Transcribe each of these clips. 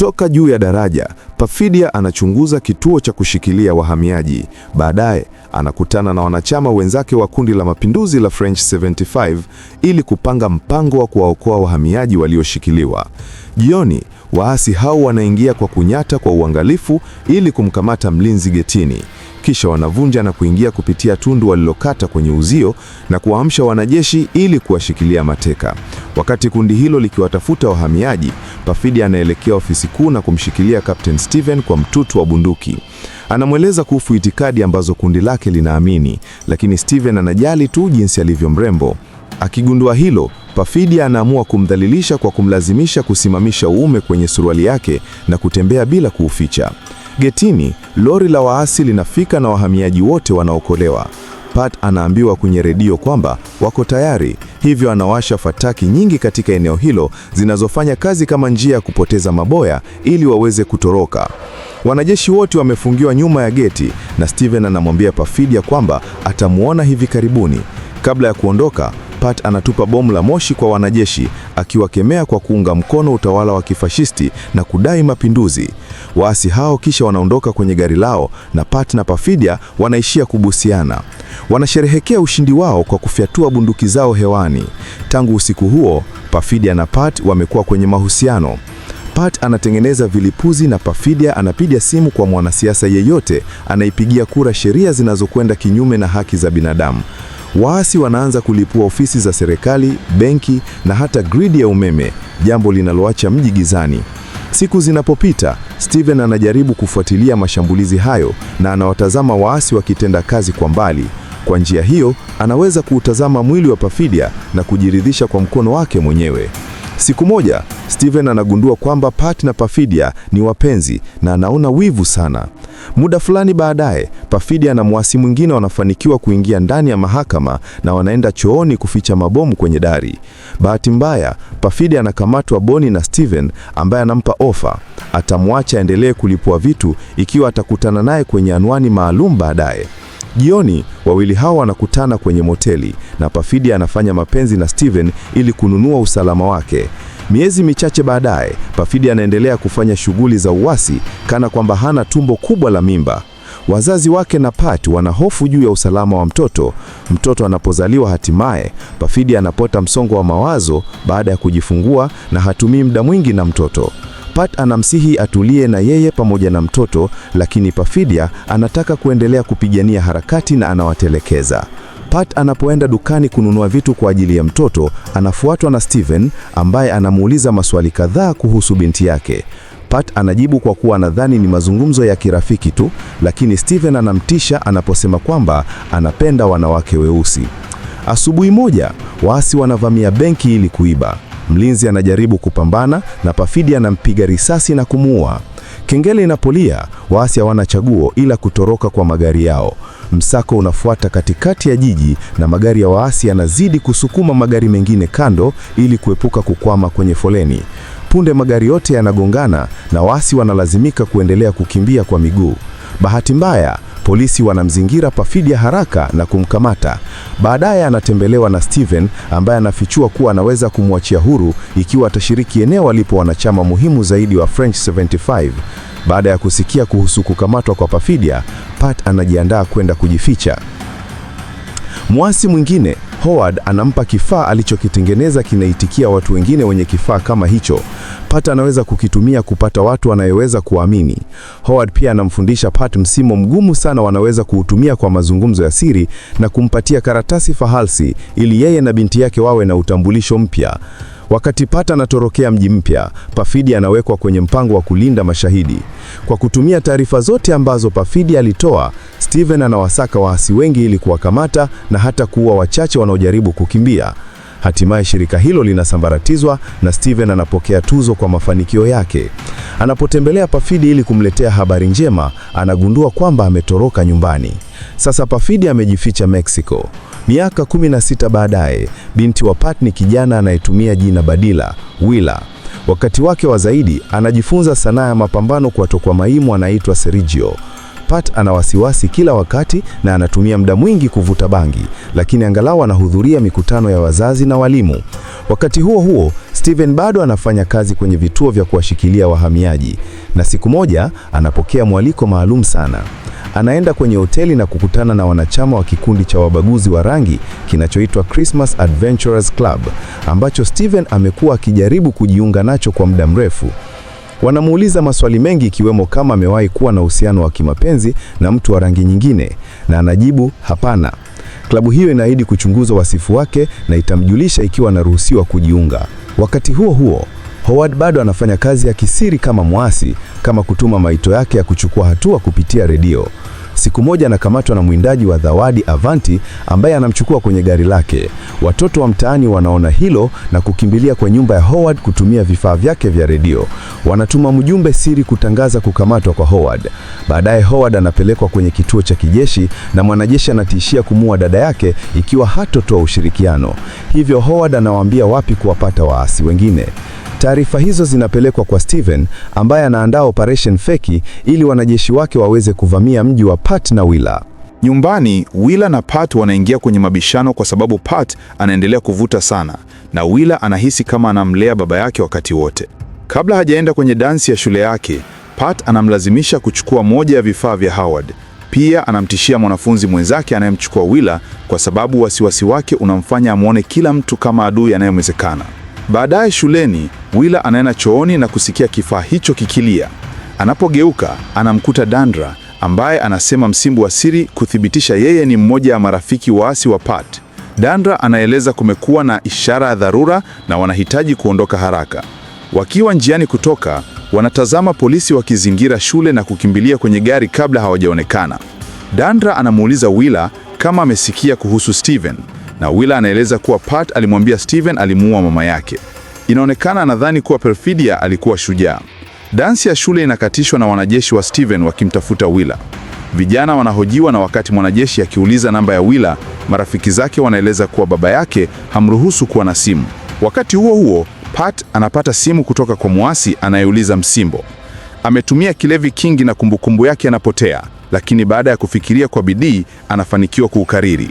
Kutoka juu ya daraja, Perfidia anachunguza kituo cha kushikilia wahamiaji. Baadaye anakutana na wanachama wenzake wa kundi la mapinduzi la French 75 ili kupanga mpango wa kuwaokoa wahamiaji walioshikiliwa. Jioni, waasi hao wanaingia kwa kunyata kwa uangalifu ili kumkamata mlinzi getini kisha wanavunja na kuingia kupitia tundu walilokata kwenye uzio na kuwaamsha wanajeshi ili kuwashikilia mateka. Wakati kundi hilo likiwatafuta wahamiaji, Pafidi anaelekea ofisi kuu na kumshikilia Captain Steven kwa mtutu wa bunduki. Anamweleza kuhusu itikadi ambazo kundi lake linaamini, lakini Steven anajali tu jinsi alivyo mrembo. Akigundua hilo, Perfidia anaamua kumdhalilisha kwa kumlazimisha kusimamisha uume kwenye suruali yake na kutembea bila kuuficha. Getini, lori la waasi linafika na wahamiaji wote wanaokolewa. Pat anaambiwa kwenye redio kwamba wako tayari, hivyo anawasha fataki nyingi katika eneo hilo zinazofanya kazi kama njia ya kupoteza maboya ili waweze kutoroka. Wanajeshi wote wamefungiwa nyuma ya geti na Steven anamwambia Perfidia kwamba atamwona hivi karibuni. Kabla ya kuondoka, Pat anatupa bomu la moshi kwa wanajeshi akiwakemea kwa kuunga mkono utawala wa kifashisti na kudai mapinduzi. Waasi hao kisha wanaondoka kwenye gari lao na Pat na pafidia wanaishia kubusiana. Wanasherehekea ushindi wao kwa kufyatua bunduki zao hewani. Tangu usiku huo, pafidia na Pat wamekuwa kwenye mahusiano. Pat anatengeneza vilipuzi na pafidia anapiga simu kwa mwanasiasa yeyote anaipigia kura sheria zinazokwenda kinyume na haki za binadamu. Waasi wanaanza kulipua ofisi za serikali, benki na hata gridi ya umeme, jambo linaloacha mji gizani. Siku zinapopita, Steven anajaribu kufuatilia mashambulizi hayo na anawatazama waasi wakitenda kazi kwa mbali. Kwa njia hiyo, anaweza kuutazama mwili wa Perfidia na kujiridhisha kwa mkono wake mwenyewe. Siku moja Steven anagundua kwamba Pat na Perfidia ni wapenzi na anaona wivu sana. Muda fulani baadaye, Perfidia na mwasi mwingine wanafanikiwa kuingia ndani ya mahakama na wanaenda chooni kuficha mabomu kwenye dari. Bahati mbaya, Perfidia anakamatwa boni na Steven ambaye anampa ofa, atamwacha aendelee kulipua vitu ikiwa atakutana naye kwenye anwani maalum baadaye. Jioni wawili hao wanakutana kwenye moteli na pafidi anafanya mapenzi na Steven ili kununua usalama wake. Miezi michache baadaye, pafidi anaendelea kufanya shughuli za uasi kana kwamba hana tumbo kubwa la mimba. Wazazi wake na Pat wana hofu juu ya usalama wa mtoto. Mtoto anapozaliwa hatimaye, pafidi anapota msongo wa mawazo baada ya kujifungua na hatumii muda mwingi na mtoto. Pat anamsihi atulie na yeye pamoja na mtoto, lakini Perfidia anataka kuendelea kupigania harakati na anawatelekeza. Pat anapoenda dukani kununua vitu kwa ajili ya mtoto, anafuatwa na Steven ambaye anamuuliza maswali kadhaa kuhusu binti yake. Pat anajibu kwa kuwa nadhani ni mazungumzo ya kirafiki tu, lakini Steven anamtisha anaposema kwamba anapenda wanawake weusi. Asubuhi moja, waasi wanavamia benki ili kuiba. Mlinzi anajaribu kupambana na Pafidi anampiga risasi na kumuua. Kengele inapolia, waasi hawana chaguo ila kutoroka kwa magari yao. Msako unafuata katikati ya jiji na magari ya waasi yanazidi kusukuma magari mengine kando ili kuepuka kukwama kwenye foleni. Punde magari yote yanagongana na waasi wanalazimika kuendelea kukimbia kwa miguu. Bahati mbaya Polisi wanamzingira Perfidia haraka na kumkamata. Baadaye anatembelewa na Steven ambaye anafichua kuwa anaweza kumwachia huru ikiwa atashiriki eneo alipo wanachama muhimu zaidi wa French 75. Baada ya kusikia kuhusu kukamatwa kwa Perfidia, Pat anajiandaa kwenda kujificha. Mwasi mwingine Howard anampa kifaa alichokitengeneza kinaitikia watu wengine wenye kifaa kama hicho. Pat anaweza kukitumia kupata watu anayeweza kuamini. Howard pia anamfundisha Pat msimo mgumu sana wanaweza kuutumia kwa mazungumzo ya siri na kumpatia karatasi fahalsi ili yeye na binti yake wawe na utambulisho mpya. Wakati Pata anatorokea mji mpya, Pafidi anawekwa kwenye mpango wa kulinda mashahidi. Kwa kutumia taarifa zote ambazo Pafidi alitoa, Steven anawasaka waasi wengi ili kuwakamata na hata kuua wachache wanaojaribu kukimbia. Hatimaye shirika hilo linasambaratizwa na Steven anapokea tuzo kwa mafanikio yake. Anapotembelea Pafidi ili kumletea habari njema, anagundua kwamba ametoroka nyumbani. Sasa Pafidi amejificha Mexico. Miaka 16 baadaye, binti wa Pat ni kijana anayetumia jina badila Willa. Wakati wake wa zaidi anajifunza sanaa ya mapambano kwa maimu anaitwa Sergio. Pat ana wasiwasi kila wakati na anatumia muda mwingi kuvuta bangi, lakini angalau anahudhuria mikutano ya wazazi na walimu. Wakati huo huo, Steven bado anafanya kazi kwenye vituo vya kuwashikilia wahamiaji, na siku moja anapokea mwaliko maalum sana. Anaenda kwenye hoteli na kukutana na wanachama wa kikundi cha wabaguzi wa rangi kinachoitwa Christmas Adventurers Club ambacho Steven amekuwa akijaribu kujiunga nacho kwa muda mrefu. Wanamuuliza maswali mengi ikiwemo kama amewahi kuwa na uhusiano wa kimapenzi na mtu wa rangi nyingine na anajibu hapana. Klabu hiyo inaahidi kuchunguza wasifu wake na itamjulisha ikiwa anaruhusiwa kujiunga. Wakati huo huo, Howard bado anafanya kazi ya kisiri kama mwasi, kama kutuma maito yake ya kuchukua hatua kupitia redio. Siku moja anakamatwa na mwindaji wa Zawadi Avanti ambaye anamchukua kwenye gari lake. Watoto wa mtaani wanaona hilo na kukimbilia kwa nyumba ya Howard kutumia vifaa vyake vya redio. Wanatuma mjumbe siri kutangaza kukamatwa kwa Howard. Baadaye Howard anapelekwa kwenye kituo cha kijeshi na mwanajeshi anatishia kumua dada yake ikiwa hatotoa ushirikiano. Hivyo Howard anawaambia wapi kuwapata waasi wengine. Taarifa hizo zinapelekwa kwa Steven ambaye anaandaa operation feki ili wanajeshi wake waweze kuvamia mji wa Pat na Willa. Nyumbani, Willa na Pat wanaingia kwenye mabishano kwa sababu Pat anaendelea kuvuta sana na Willa anahisi kama anamlea baba yake wakati wote. Kabla hajaenda kwenye dansi ya shule yake, Pat anamlazimisha kuchukua moja ya vifaa vya Howard. Pia anamtishia mwanafunzi mwenzake anayemchukua Willa kwa sababu wasiwasi wake unamfanya amwone kila mtu kama adui anayemwezekana. Baadaye shuleni, wila anaenda chooni na kusikia kifaa hicho kikilia. Anapogeuka anamkuta Dandra ambaye anasema msimbo wa siri kuthibitisha yeye ni mmoja wa marafiki waasi wa Pat. Dandra anaeleza kumekuwa na ishara ya dharura na wanahitaji kuondoka haraka. Wakiwa njiani kutoka, wanatazama polisi wakizingira shule na kukimbilia kwenye gari kabla hawajaonekana. Dandra anamuuliza wila kama amesikia kuhusu Steven na Willa anaeleza kuwa Pat alimwambia Steven alimuua mama yake. Inaonekana anadhani kuwa Perfidia alikuwa shujaa. Dansi ya shule inakatishwa na wanajeshi wa Steven wakimtafuta Willa. Vijana wanahojiwa, na wakati mwanajeshi akiuliza namba ya Willa, marafiki zake wanaeleza kuwa baba yake hamruhusu kuwa na simu. Wakati huo huo, Pat anapata simu kutoka kwa muasi anayeuliza msimbo. Ametumia kilevi kingi na kumbukumbu yake anapotea, lakini baada ya kufikiria kwa bidii anafanikiwa kuukariri.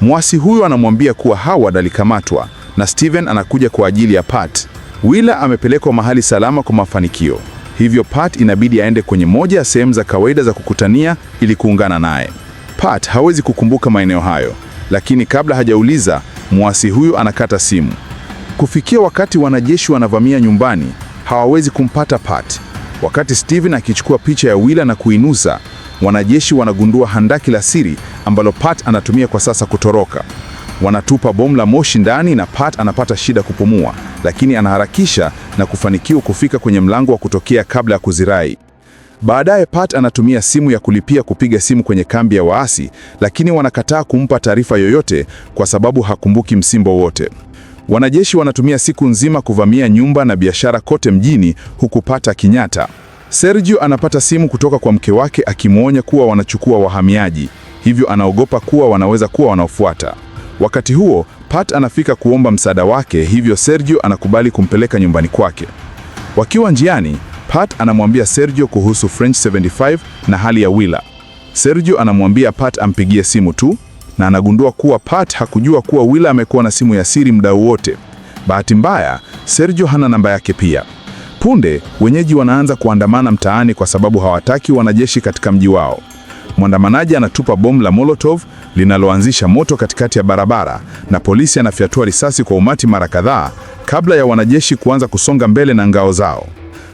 Mwasi huyo anamwambia kuwa Howard alikamatwa na Steven anakuja kwa ajili ya Pat. Willa amepelekwa mahali salama kwa mafanikio, hivyo Pat inabidi aende kwenye moja ya sehemu za kawaida za kukutania ili kuungana naye. Pat hawezi kukumbuka maeneo hayo, lakini kabla hajauliza, mwasi huyo anakata simu. Kufikia wakati wanajeshi wanavamia nyumbani, hawawezi kumpata Pat. Wakati Steven akichukua picha ya Willa na kuinusa, wanajeshi wanagundua handaki la siri ambalo Pat anatumia kwa sasa kutoroka. Wanatupa bomu la moshi ndani na Pat anapata shida kupumua, lakini anaharakisha na kufanikiwa kufika kwenye mlango wa kutokea kabla ya kuzirai. Baadaye Pat anatumia simu ya kulipia kupiga simu kwenye kambi ya waasi, lakini wanakataa kumpa taarifa yoyote kwa sababu hakumbuki msimbo wote. Wanajeshi wanatumia siku nzima kuvamia nyumba na biashara kote mjini huku Pat akinyata. Sergio anapata simu kutoka kwa mke wake akimwonya kuwa wanachukua wahamiaji, hivyo anaogopa kuwa wanaweza kuwa wanaofuata. Wakati huo Pat anafika kuomba msaada wake, hivyo Sergio anakubali kumpeleka nyumbani kwake. Wakiwa njiani, Pat anamwambia Sergio kuhusu French 75 na hali ya Willa. Sergio anamwambia Pat ampigie simu tu na anagundua kuwa Pat hakujua kuwa Willa amekuwa na simu ya siri muda wote. Bahati mbaya, Sergio hana namba yake pia. Punde wenyeji wanaanza kuandamana mtaani kwa sababu hawataki wanajeshi katika mji wao. Mwandamanaji anatupa bomu la molotov linaloanzisha moto katikati ya barabara, na polisi anafyatua risasi kwa umati mara kadhaa kabla ya wanajeshi kuanza kusonga mbele na ngao zao.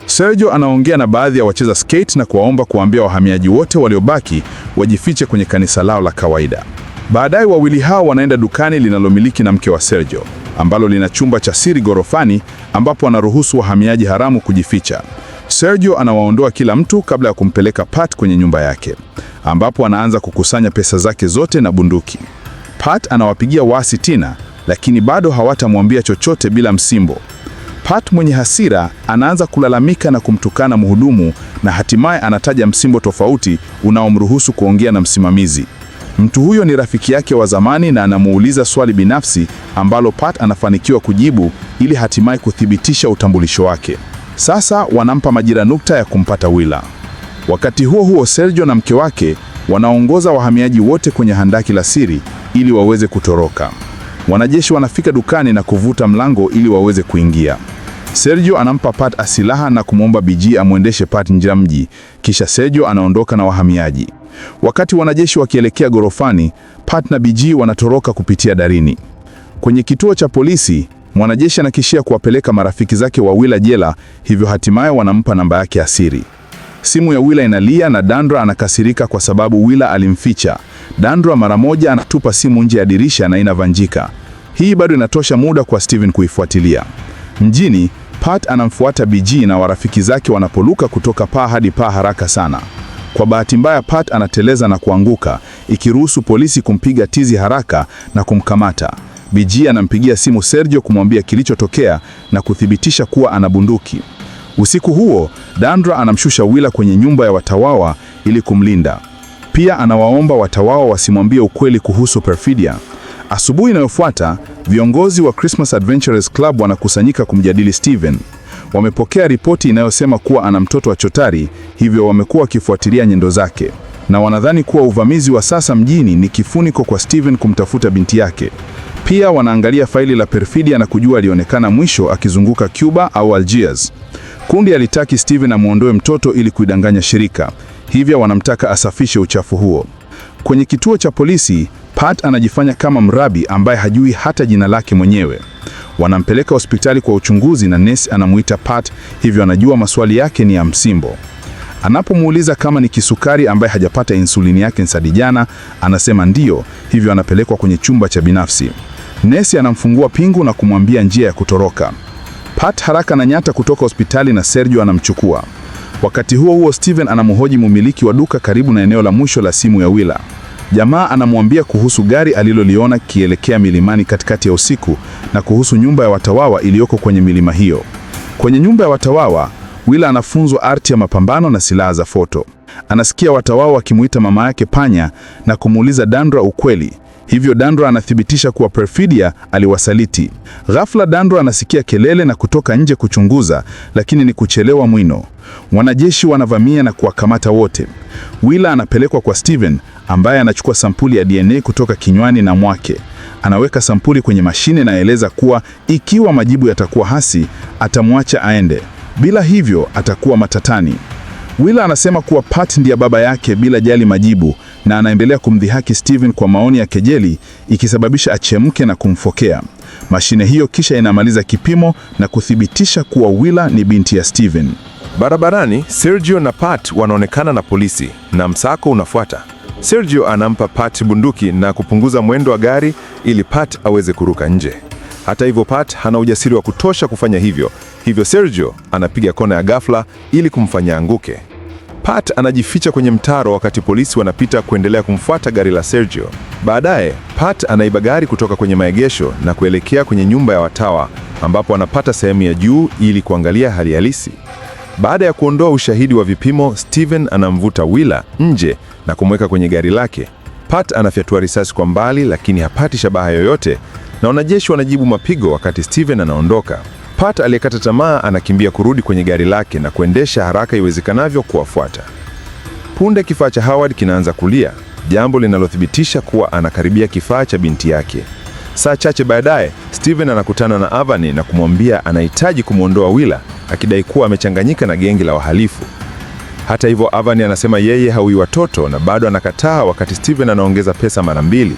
Sergio anaongea na baadhi ya wacheza skate na kuwaomba kuambia wahamiaji wote waliobaki wajifiche kwenye kanisa lao la kawaida. Baadaye wawili hao wanaenda dukani linalomiliki na mke wa Sergio ambalo lina chumba cha siri ghorofani ambapo anaruhusu wahamiaji haramu kujificha. Sergio anawaondoa kila mtu kabla ya kumpeleka Pat kwenye nyumba yake ambapo anaanza kukusanya pesa zake zote na bunduki. Pat anawapigia wasi Tina, lakini bado hawatamwambia chochote bila msimbo. Pat mwenye hasira anaanza kulalamika na kumtukana mhudumu na hatimaye anataja msimbo tofauti unaomruhusu kuongea na msimamizi. Mtu huyo ni rafiki yake wa zamani na anamuuliza swali binafsi ambalo Pat anafanikiwa kujibu ili hatimaye kuthibitisha utambulisho wake. Sasa wanampa majira nukta ya kumpata Willa. Wakati huo huo, Sergio na mke wake wanaongoza wahamiaji wote kwenye handaki la siri ili waweze kutoroka. Wanajeshi wanafika dukani na kuvuta mlango ili waweze kuingia. Sergio anampa Pat asilaha na kumwomba Biji amwendeshe Pat nje ya mji, kisha Sergio anaondoka na wahamiaji. Wakati wanajeshi wakielekea gorofani, Pat na Biji wanatoroka kupitia darini. Kwenye kituo cha polisi, mwanajeshi anakishia kuwapeleka marafiki zake wa wila jela, hivyo hatimaye wanampa namba yake ya siri. Simu ya wila inalia na Dandra anakasirika kwa sababu wila alimficha. Dandra mara moja anatupa simu nje ya dirisha na inavanjika. Hii bado inatosha muda kwa Steven kuifuatilia. Mjini, Pat anamfuata BG na warafiki zake wanapoluka kutoka paa hadi paa haraka sana. Kwa bahati mbaya, Pat anateleza na kuanguka, ikiruhusu polisi kumpiga tizi haraka na kumkamata. BG anampigia simu Sergio kumwambia kilichotokea na kuthibitisha kuwa ana bunduki. Usiku huo, Dandra anamshusha Willa kwenye nyumba ya Watawawa ili kumlinda. Pia anawaomba Watawawa wasimwambie ukweli kuhusu Perfidia. Asubuhi inayofuata, viongozi wa Christmas Adventurers Club wanakusanyika kumjadili Steven wamepokea ripoti inayosema kuwa ana mtoto wa chotari, hivyo wamekuwa wakifuatilia nyendo zake na wanadhani kuwa uvamizi wa sasa mjini ni kifuniko kwa Steven kumtafuta binti yake. Pia wanaangalia faili la Perfidia na kujua alionekana mwisho akizunguka Cuba au Algiers. Kundi alitaki Steven amwondoe mtoto ili kuidanganya shirika, hivyo wanamtaka asafishe uchafu huo. Kwenye kituo cha polisi, Pat anajifanya kama mrabi ambaye hajui hata jina lake mwenyewe. Wanampeleka hospitali kwa uchunguzi na nesi anamuita Pat, hivyo anajua maswali yake ni ya msimbo. Anapomuuliza kama ni kisukari ambaye hajapata insulini yake nsadi jana, anasema ndiyo, hivyo anapelekwa kwenye chumba cha binafsi. Nesi anamfungua pingu na kumwambia njia ya kutoroka. Pat haraka na nyata kutoka hospitali na Sergio anamchukua. Wakati huo huo, Steven anamhoji mumiliki wa duka karibu na eneo la mwisho la simu ya Willa. Jamaa anamwambia kuhusu gari aliloliona kielekea milimani katikati ya usiku na kuhusu nyumba ya Watawawa iliyoko kwenye milima hiyo. Kwenye nyumba ya Watawawa, Wila anafunzwa arti ya mapambano na silaha za foto. Anasikia Watawawa wakimuita mama yake Panya na kumuuliza Dandra ukweli, Hivyo Dandro anathibitisha kuwa Perfidia aliwasaliti. Ghafla Dandro anasikia kelele na kutoka nje kuchunguza, lakini ni kuchelewa mwino. Wanajeshi wanavamia na kuwakamata wote. Willa anapelekwa kwa Steven ambaye anachukua sampuli ya DNA kutoka kinywani na mwake. Anaweka sampuli kwenye mashine na eleza kuwa ikiwa majibu yatakuwa hasi, atamwacha aende. Bila hivyo atakuwa matatani. Willa anasema kuwa Pat ndiye baba yake bila jali majibu, na anaendelea kumdhihaki Steven kwa maoni ya kejeli, ikisababisha achemke na kumfokea. Mashine hiyo kisha inamaliza kipimo na kuthibitisha kuwa Willa ni binti ya Steven. Barabarani, Sergio na Pat wanaonekana na polisi na msako unafuata. Sergio anampa Pat bunduki na kupunguza mwendo wa gari ili Pat aweze kuruka nje. Hata hivyo, Pat hana ujasiri wa kutosha kufanya hivyo, hivyo Sergio anapiga kona ya ghafla ili kumfanya anguke. Pat anajificha kwenye mtaro wakati polisi wanapita kuendelea kumfuata gari la Sergio. Baadaye Pat anaiba gari kutoka kwenye maegesho na kuelekea kwenye nyumba ya watawa ambapo anapata sehemu ya juu ili kuangalia hali halisi. Baada ya kuondoa ushahidi wa vipimo, Steven anamvuta Willa nje na kumweka kwenye gari lake. Pat anafyatua risasi kwa mbali, lakini hapati shabaha yoyote, na wanajeshi wanajibu mapigo wakati Steven anaondoka. Pat aliyekata tamaa anakimbia kurudi kwenye gari lake na kuendesha haraka iwezekanavyo kuwafuata. Punde kifaa cha Howard kinaanza kulia, jambo linalothibitisha kuwa anakaribia kifaa cha binti yake. Saa chache baadaye, Steven anakutana na Avani na kumwambia anahitaji kumwondoa Willa, akidai kuwa amechanganyika na gengi la wahalifu. Hata hivyo, Avani anasema yeye haui watoto na bado anakataa, wakati Steven anaongeza pesa mara mbili.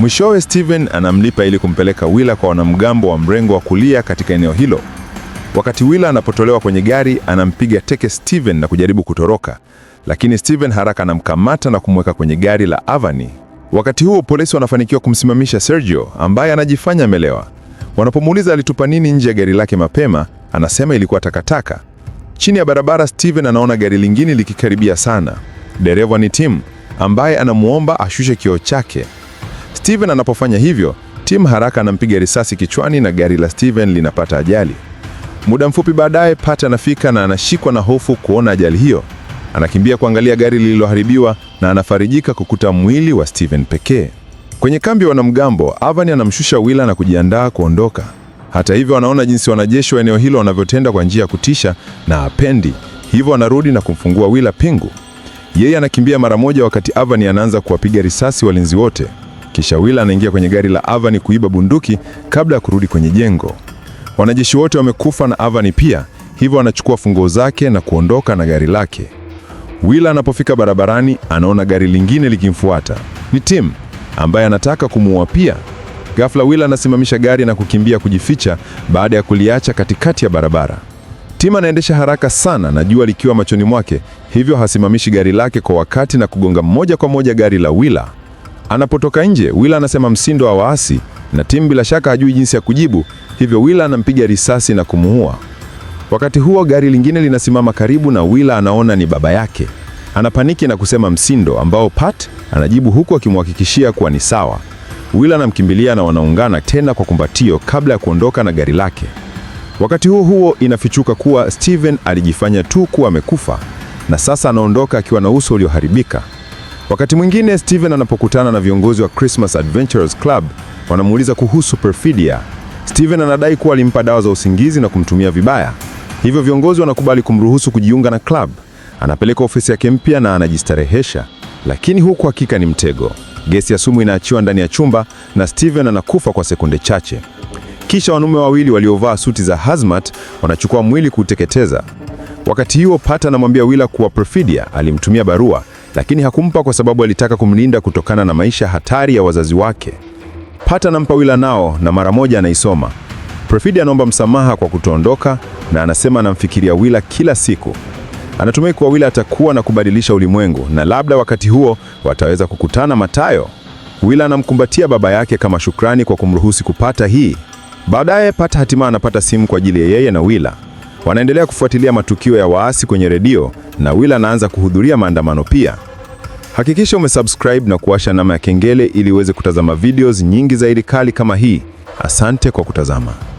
Mwishowe Steven anamlipa ili kumpeleka Willa kwa wanamgambo wa mrengo wa kulia katika eneo hilo. Wakati Willa anapotolewa kwenye gari, anampiga teke Steven na kujaribu kutoroka, lakini Steven haraka anamkamata na kumweka kwenye gari la Avani. Wakati huo polisi wanafanikiwa kumsimamisha Sergio ambaye anajifanya amelewa. Wanapomuuliza alitupa nini nje ya gari lake mapema, anasema ilikuwa takataka. Chini ya barabara, Steven anaona gari lingine likikaribia sana. Dereva ni Tim ambaye anamwomba ashushe kioo chake Steven anapofanya hivyo, Tim haraka anampiga risasi kichwani na gari la Steven linapata ajali. Muda mfupi baadaye, Pat anafika na anashikwa na hofu kuona ajali hiyo. Anakimbia kuangalia gari lililoharibiwa na anafarijika kukuta mwili wa Steven pekee. Kwenye kambi ya wanamgambo, Avani anamshusha Willa na kujiandaa kuondoka. Hata hivyo, anaona jinsi wanajeshi wa eneo hilo wanavyotenda kwa njia ya kutisha na apendi hivyo, anarudi na kumfungua Willa pingu. Yeye anakimbia mara moja, wakati Avani anaanza kuwapiga risasi walinzi wote. Kisha wila anaingia kwenye gari la Avani kuiba bunduki kabla ya kurudi kwenye jengo. Wanajeshi wote wamekufa na Avani pia, hivyo anachukua funguo zake na kuondoka na gari lake. wila anapofika barabarani, anaona gari lingine likimfuata. Ni Tim ambaye anataka kumuua pia. Ghafla Willa anasimamisha gari na kukimbia kujificha baada ya kuliacha katikati ya barabara. Tim anaendesha haraka sana na jua likiwa machoni mwake, hivyo hasimamishi gari lake kwa wakati na kugonga moja kwa moja gari la Willa. Anapotoka nje, Willa anasema msindo wa waasi na Tim bila shaka hajui jinsi ya kujibu, hivyo Willa anampiga risasi na kumuua. Wakati huo gari lingine linasimama karibu na Willa anaona ni baba yake. Anapaniki na kusema msindo, ambao Pat anajibu huku akimhakikishia kuwa ni sawa. Willa anamkimbilia na wanaungana tena kwa kumbatio kabla ya kuondoka na gari lake. Wakati huo huo inafichuka kuwa Steven alijifanya tu kuwa amekufa na sasa anaondoka akiwa na uso ulioharibika. Wakati mwingine Steven anapokutana na viongozi wa Christmas Adventurers Club wanamuuliza kuhusu Perfidia. Steven anadai kuwa alimpa dawa za usingizi na kumtumia vibaya, hivyo viongozi wanakubali kumruhusu kujiunga na club. Anapeleka ofisi yake mpya na anajistarehesha, lakini huku hakika ni mtego. Gesi ya sumu inaachiwa ndani ya chumba na Steven anakufa kwa sekunde chache. Kisha wanaume wawili waliovaa suti za hazmat wanachukua mwili kuuteketeza. Wakati huo Pat anamwambia Willa kuwa Perfidia alimtumia barua lakini hakumpa kwa sababu alitaka kumlinda kutokana na maisha hatari ya wazazi wake. Pat anampa wila nao na mara moja anaisoma. profidi anaomba msamaha kwa kutoondoka na anasema anamfikiria wila kila siku. Anatumai kuwa wila atakuwa na kubadilisha ulimwengu na labda wakati huo wataweza kukutana Matayo. wila anamkumbatia baba yake kama shukrani kwa kumruhusi kupata hii. Baadaye Pat hatimaye anapata simu kwa ajili ya yeye na wila Wanaendelea kufuatilia matukio ya waasi kwenye redio na Willa anaanza kuhudhuria maandamano pia. Hakikisha umesubscribe na kuwasha nama ya kengele ili uweze kutazama videos nyingi zaidi kali kama hii. Asante kwa kutazama.